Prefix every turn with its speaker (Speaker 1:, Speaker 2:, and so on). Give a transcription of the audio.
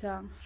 Speaker 1: ta'